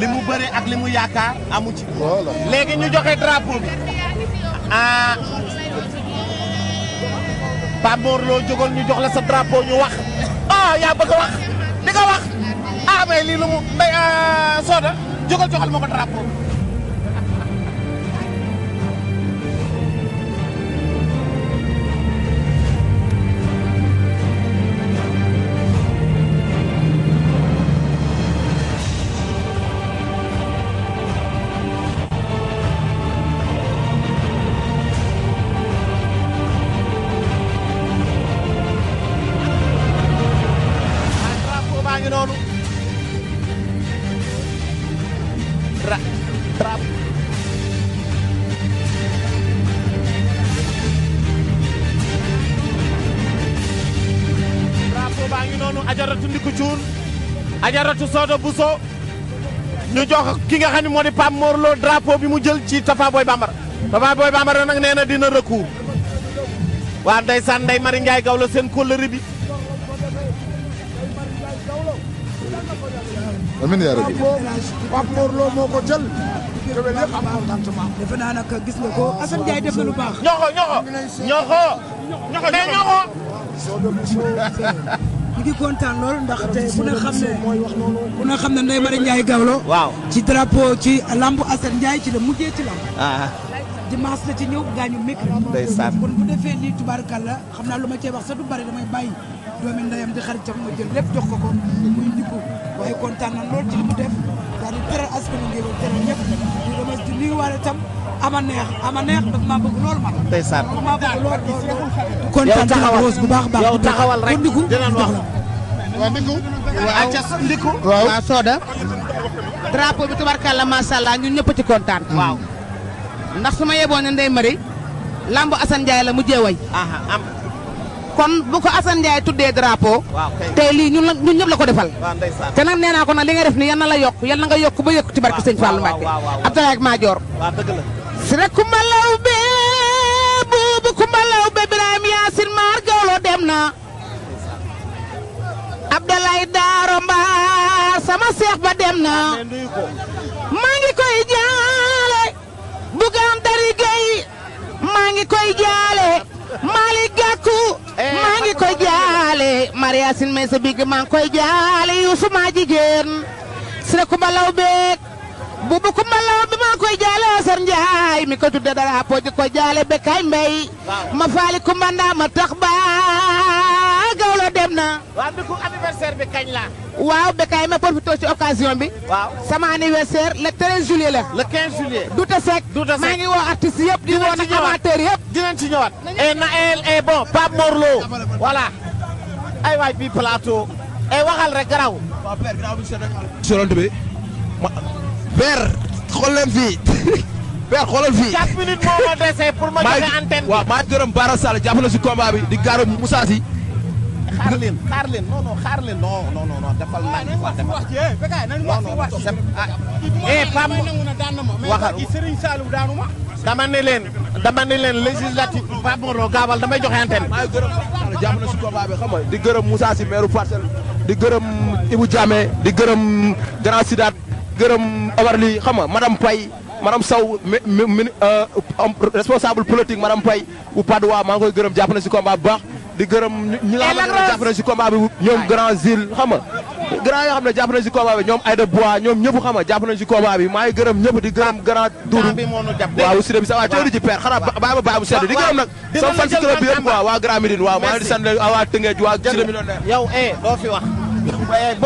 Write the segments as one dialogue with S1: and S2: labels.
S1: li mu bëri ak li mu yaakaar amu ci. léegi ñu joxe drapeau bi ah Pape Mor loo jox la sa drapeau ñu wax ah yaa bëgg di nga wax ah mais lii lu mu Ndeye ah, Soda jógal joxal ma ko drapeau baa ngi baa ngi noonu ajaratu ndiku cuun ajaratu soodo buso ñu jox ki nga xam ne moo di Pape Mor Lo bi mu jël ci Tafa Boy Bambara Tafa Boy Bambara nag nee na dina recours waa ndeysaan Ndeye Marie Ndiaye Gaw seen kóllëre bi amiin yaa rabbi Pape Mor moo ko jël tewel yëpp am defe naa nag gis
S2: nga ko Assane Ndiaye def lu baax ñoxo ñoxo ñoxo ñoxo mais ñoxo ñu ngi kontaan lool ndax te ku ne xam ne ku ne xam ne Ndeye Marie Ndiaye Gawlo waaw ci drapeau ci lambu Assane Ndiaye ci la mujjee ci lamb ah. dimanche la ci ñëw gaañu mekri kon bu defee nii tubaarkàlla xam lu ma cee wax sa du bari damay bàyyi doomi ndeyam di xaritam ma jël lépp jox ko ko muy ñibbu waaye kontaan na ñëpp taxawal rek dinañ wax waaw Ndiku. waaw bi tubarkalla macha allah ñun ñëpp ci kontaan. Mm. waaw ndax su ma yeboo ne Ndeye Marie. lambu Assane la mu jéeway. am. kon bu ko Assane Ndiaye tuddee drapeau. tey lii ñun la ko defal. te nag nee ko nag li nga def nii yal na la yokk yal na nga yokk ba yëkk ci barke Sëñ Fallou Mbacké. Abdoulaye si rek malaw bee buubu ku malaw bee Birahim Yacine Maar Gawlo dem na. Abdoulaye Daaro Mbaar sama seex ba dem na. maa ngi koy jaale. Bougane Dari Gueye maa ngi koy jaale. Malick Gakou. Eh, maa ngi koy jaale Maria Sine may maa ngi koy jaale Youssou maa jigéen Sira Kumba Law beek bubu Kumba Law bi maa koy jaale Asar Njaay mi ko tudde koy jaale Bekay Mbay ma faali Kumba ma tax baa na. waaw bi ku anniversaire bi kañ la. waaw Bécaye ma profité ci bi. waaw sama anniversaire le 13 juillet la. du te sec. du te sec maa ngi woo artistes
S1: yëpp. di woo nag amateurs yëpp. dinañ ci ñëwaat. et na et bon Pape Morlo. voilà. ay waay bi plateau. et eh, waxal rek garaw. waaw bi seen rek. bi ma. père xool leen fii. père xoolal fii 4 moo ma dese ma joxe antenne bi. waaw maa ngi gërëm Bara na si combat bi di gaaru Moussa xaar leen xaar leen non non xaar leen non non non defal ah. eh, na wax wax jé békay nañ wax wax eh pam waxal Serigne Saliou daanu ma dama ne leen dama ne leen législative Pape Mor gaawal damay joxe antenne maa ngi gërëm jàmm na si combat bi xam nga di gërëm Moussa si maire parcelle di gërëm Ibou Diamé di gërëm Grand Sidat gërëm Omar Ly xam nga madame Paye madame Sow mi euh, responsable politique madame Paye bu Padois maa ngi koy gërëm jàpp na si combat bu baax di gërëm ñi nga xam ne jàpp na si combat bi ñoom grand zil xam grand yoo xam ne jàpp nañ si combat bi ñoom Aïda Bois ñoom ñëpp xam nga jàpp nañ si combat bi maa ngi gërëm ñëpp di gërëm grand Doudou waaw si bi sa waa coori ci père xanaa bàyyi ma di gërëm nag sama fan si club bi yëpp quoi waaw waa Tëngéej waa eh, eh,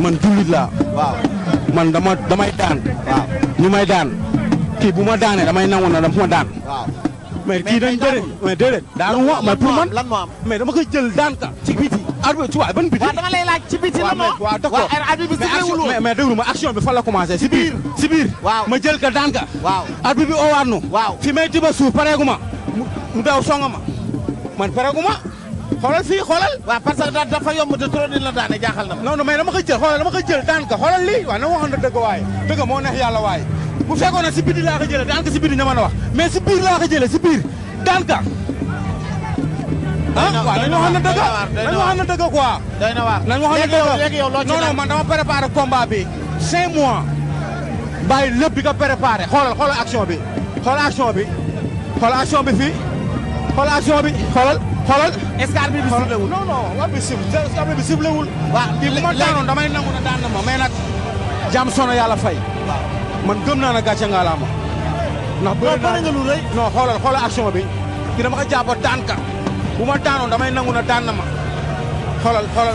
S1: man jullit laa waaw man dama damay daan waaw may daan kii bu ma daanee damay nangu na dama daan waaw mais kii dañ bëri mais déedéet. daanu wa mais pour mais dama koy jël daan ka ci biti. arbitre ci waay ban biti. waaw dama lay laaj ci biti la moo. waaw d'accord mais mais déglu ma action bi fan la commencé. si biir si biir. waaw ma jël ka daan ka. waaw arbitre bi oowaat nu. waaw fi may tiba suuf pareegu ma. mu daw songa ma man pareegu ma. xoolal fii xoolal. waaw parce que da dafa yomb te trop la daane jaaxal na ma. non non mais dama koy jël xoolal dama koy jël daan ka xoolal lii waaw na waxoon na dëgg waaye dëgg moo neex yàlla waaye bu fekkoon ne si biti laa ko jëlee daan ko si biti nga mën a wax mais si biir laa ko jëlee si biir daan ka. ah waaw nañu waxoon na dëgg nañu waxoon na dëgg quoi. doy na waar nañu waxoon na dëgg léegi yow loo ci non non man dama préparé combat bi 5 mois. bàyyi lépp di ko préparé xoolal xoolal action bi xoolal action bi xoolal action bi fii xoolal action bi xoolal. xoolal est-ce que arbitre bi sifflé wul non non war bi sifflé arbitre bi sifflé wul. waaw kii bu ma daanoon damay nangu ne daan na ma mais nag. jàmm sono yàlla fay. man gëm naa ne gàcce nga ndax bëri naa nga lu rëy. non xoolal xoolal bi dina ma ko ka bu ma daanoon damay nangu na daan na ma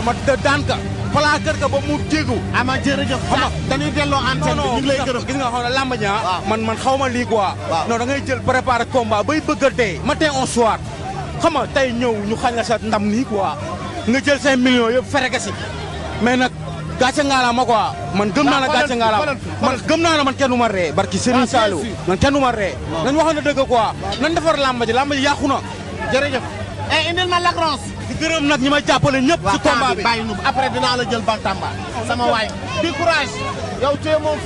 S1: ma daan ka falaa kër ka ba mu jéegu. ama jërëjëf dañuy delloo antenne bi gis nga xam ne làmb ñaa man man xaw ma lii quoi. da ngay jël préparer combat bay bëgg a dee. matin au tey ñëw ñu xañ la ndam nii quoi nga jël 5 millions yëpp ferega si mais nag gàcce ngaalama a man gëm naa la gàcce ngaalama man gëm naa la man kenn ma ree barki Serigne ah, Saliou man kenn du ma ree ah. nañ wax na dëgg a nañ defar làmb ji làmb ji yàqu eh, indil ma lacrons di gërëm nag ñi may jàppale ñëpp ci combat bi bàyyi nu après la jël bantamba
S2: sama waay di
S1: courage yow tu es mon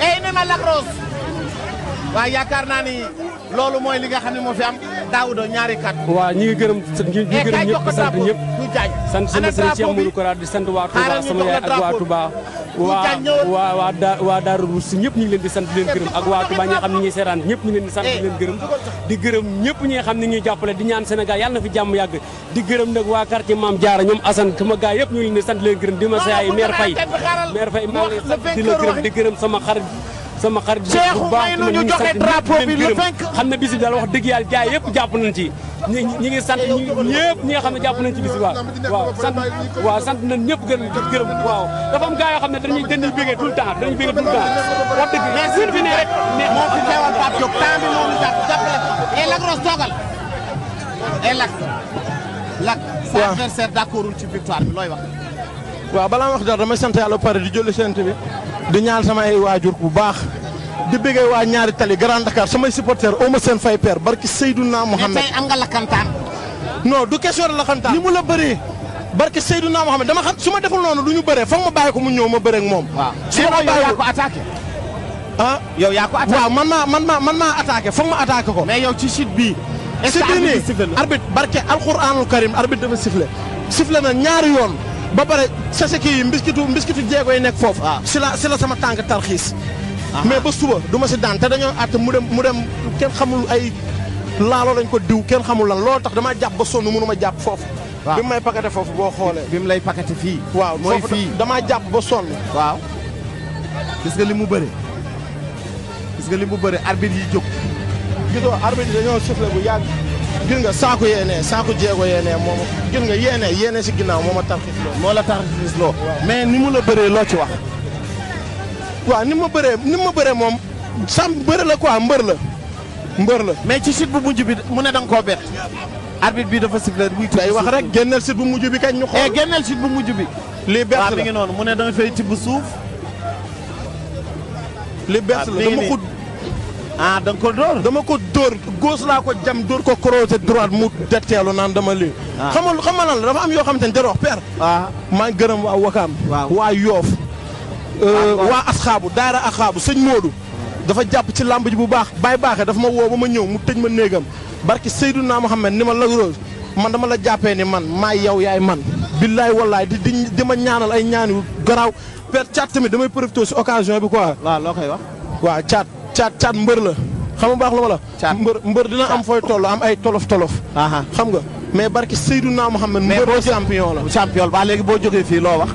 S1: eh, indil ma lacrons waaw yaakaar naa ni loolu mooy li nga xam ne moo fi am Daouda ñaari kat. waaw ñi gërëm ñi ngi gërëm eh, ñëpp di sant ñëpp. sant sama sëriñ Cheikh Mourou Kora di sant waa Touba sama yaay ak waa Touba. waa waa waa da waa Darou Rousse ñu ngi leen di sant leen gërëm ak waa Touba ñi nga xam ne ñi ngi seetaan ñëpp ñu ngi leen di sant di eh, leen gërëm di gërëm ñëpp ñuy jàppale di ñaan Sénégal yàlla na fi jàmm yàgg di gërëm nag waa quartier Mame Diarra ñoom Assane sama gaay yëpp ñu leen di sant leen gërëm di ma saay maire Faye maire Faye maa ngi leen di di leen di gërëm sama xarit sama xarit Cheikh may nu ñu joxe drapeau bi le xam na bis bi daal wax dëgg yàlla jaay yëpp jàpp nañ ci ñi ñi ngi sant ñi ñëpp ñi nga xam ne jàpp nañ ci bis bi waaw waaw sant waaw sant nañ ñëpp gërëm gërëm waaw dafa am gars yoo xam ne dañuy dañuy bégee tout le temps dañuy bégee tout le temps wax dëgg mais suñ fi ne rek moo fi teewal
S2: Pape bi moom jàpp jàppale et eh, Lac Rose toogal et eh, Lac
S1: Lac sa adversaire d'accordul ci victoire bi looy wax waaw balaa wax dara sant yàlla pare di jël sant bi di ñaan samay waajur bu baax di bëggee waa ñaari tali Grand Dakar samay supporters aw ma seen fay père barki Seydouna Mohamed. mais tey am nga lakkantaan. non du question de lakkantaan. Ah. ni mu la bëree. barke Seydouna Mohamed dama xam su ma deful noonu du ñu bëree foog ma bàyyi ko mu ñëw ma bëree moom. waaw su ma bàyyi ko attaqué. ah yow yaa ko attaqué waaw man maa man maa man maa foog ma attaqué ko. mais yow si chute bii. est ce que arbitre sifflé na arbitre barke alxuraanul karim arbitre dafa sifflé. sifflé na ñaari yoon. ba pare sa kii yi mbiskitu mbiskitu jéego yi nekk foofu. waaw ah. si la si la sama tànk tarxiis. Ah. mais ba suba du si daan te dañoo at mu dem mu dem kenn xamul ay laaloo lañ ko diw kenn xamul lan loolu tax damaa jàpp ba sonn mënu ma jàpp foofu. waaw bi mu may pakate foofu boo xoolee. bi mu lay pakate fii. waaw mooy fii damaa jàpp ba sonn. waaw gis nga li mu bëre gis nga li mu bëre arbitre yi jóg. gisoo arbitre yi dañoo soufflé bu yàgg. gis nga saako yéene saako jéego yéene moom gis nga yéene yéene si ginnaaw moom ma tarxis loo moo la tarxis loo mais ni mu la bëree loo ci wax waaw ni ma bëree ni ma bëree moom sam bëri la quoi mbër la mbër la mais ci sit bu mujj bi mu ne da nga koo bett arbitre bi dafa sifflé muy day wax rek génneel sit bu mujj bi kañ ñu xool eh génneel sit bu mujj bi li bett la waaw mu ne da nga fay bu suuf li bett la dama xut ah da dama ko dóor góos laa ko jam dóor ko croisé droite mu detteelu naan dama lii. waaw ah. xamal xamal la dafa am yoo xam ne jaroox père. waaw ah. maa ngi gërëm waa Wakaam. waa Yoof. Ah, euh, waa Asxaabu Daara Asxaabu sëñ Modou. dafa jàpp ci làmb ji bu baax baay baaxee dafa ma woo ba ma ñëw mu tëj ma néegam barki Seydouna Mohamed ni ma Lac man dama la jàppee ni man maa yow yaay man billaay wallaay di di di ma ñaanal ay ñaan yu garaaw per caat tamit damay profité si occasion bi quoi. loo koy caat caat mbër la xam nga baax lu ma la. mbër mbër dina am fooy toll am ay tolof tolof. xam nga mais barki Seydouna Mohamed. mbër boo champion la champion ba léegi boo jógee fii loo wax.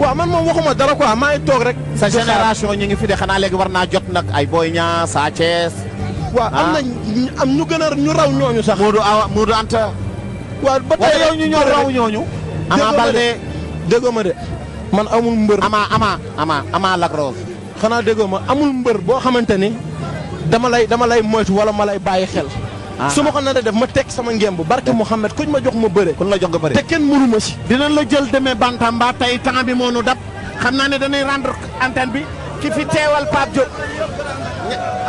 S1: waaw man moom waxuma dara ko maa ngi toog rek. sa génération ñu ngi fi de xanaa léegi war naa jot nag ay Boy Niang Sa Thiès. waaw am ah. na am ñu gën a ñu raw ñooñu sax. Modou Awa Modou Anta. waaw ba tey yow ñu ñoo ma de man amul mbër. Ama Ama Ama xanaa déggoo ma amul mbër boo xamante ni dama lay dama lay moytu wala ma lay bàyyi xel. Ah. su ma ko nar a def ma teg sama ngemb barke Mouhamed kuñ ma jox ma bëre. kon la jox nga bëre te kenn mënu ma si. dinañ la jël demee Bantamba tey temps bi moo nu dab xam naa ne dañuy rendre antenne bi ki fi teewal Pape Diop.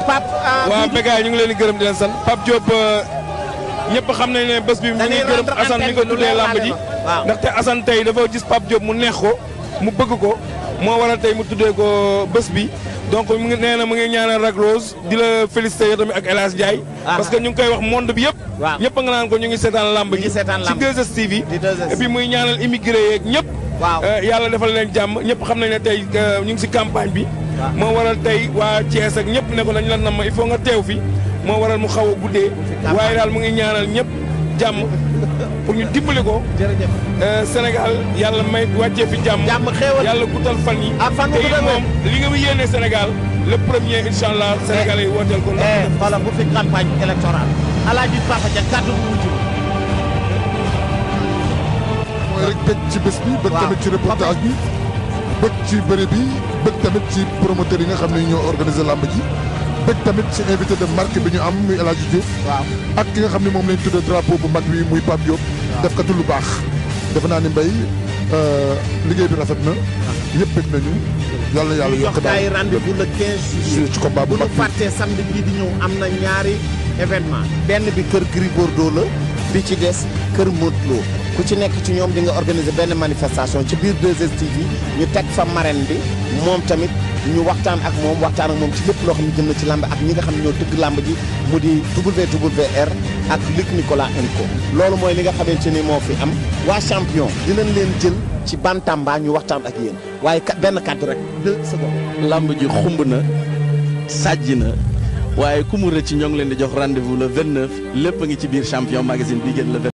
S1: Pape. Ah, waa Bégaay ñu ngi leen di gërëm di leen sant Pape Diop euh, ñëpp xam na ne bés bi. mu ngi gërëm Assane mi nga tuddee làmb ji. ndaxte Assane tey dafa gis Pape Diop mu neex ko mu bëgg ko. moo waral tey mu tuddee ko bés bi donc mu ngi nee na mu ngi ñaanal Rack Rose di la féliciter yow tamit ak El Hadj Ndiaye. Ah. parce que ñu ngi koy wax monde bi yëpp. waaw ñëpp nga naan ko ñu ngi seetaan làmb gi. ci 2STV yi. et puis muy ñaanal immigré yeeg ñëpp. waaw euh, yàlla defal leen jàmm ñëpp xam nañ ne tey euh, ñu ngi si campagne bi. moo waral tey waa Thiès ak ñëpp ne ko dañu la namm il faut nga teew fi moo waral mu xaw a guddee. waaye daal mu ngi ñaanal ñëpp jàmm. pour ñu dimbali ko. Euh, Sénégal yàlla may wàccee fi jàmm. jàmm xéewal yàlla guddal fan yi. ah fan te moom li nga yéene Sénégal le premier incha allah. Sénégalais yi wooteel ko. wala eh, bu fi campagne électorale. alaaji Papa Dia kàddu bu mujj. mooy rek bëgg ci bés bi. bëgg tamit ci reportage bi. bëgg ci bëri bi bëgg tamit ci promoteur yi nga xam ne ñoo organise làmb ji. bëgg tamit ci invité de marque bi ñu am muy El Hadj ak ki nga xam ne moom lañ tuddee drapeau bu mag bi muy Pape Diop. def katu lu baax defe naa ni mbay euh, liggéey bi rafet na ñëpp bëgg nañu yàlla yàlla yokk daal jox rendez-vous le 15 ci combat bu mag bu ñu di ñëw am na ñaari événement benn bi kër Gris Bordeaux la bi ci des kër Modou ku ci nekk ci ñoom di nga organiser benn manifestation ci biir 2STV ñu teg fa marraine bi moom tamit ñu waxtaan ak moom waxtaan ak moom ci lépp loo xam ne jëm na ci làmb ak ñi nga xam ne ñoo tëgg làmb ji mu di WWR ak Luc Nicolas Enco loolu mooy li nga xamante ni moo fi am waa champion di leen leen jël ci bantamba ñu waxtaan ak yéen waaye benn kàddu rek deux secondes làmb ji xumb na sàjj na waaye ku mu rëcc ñoo ngi leen di jox rendez-vous lépp a ngi ci biir champion magazine bi gën le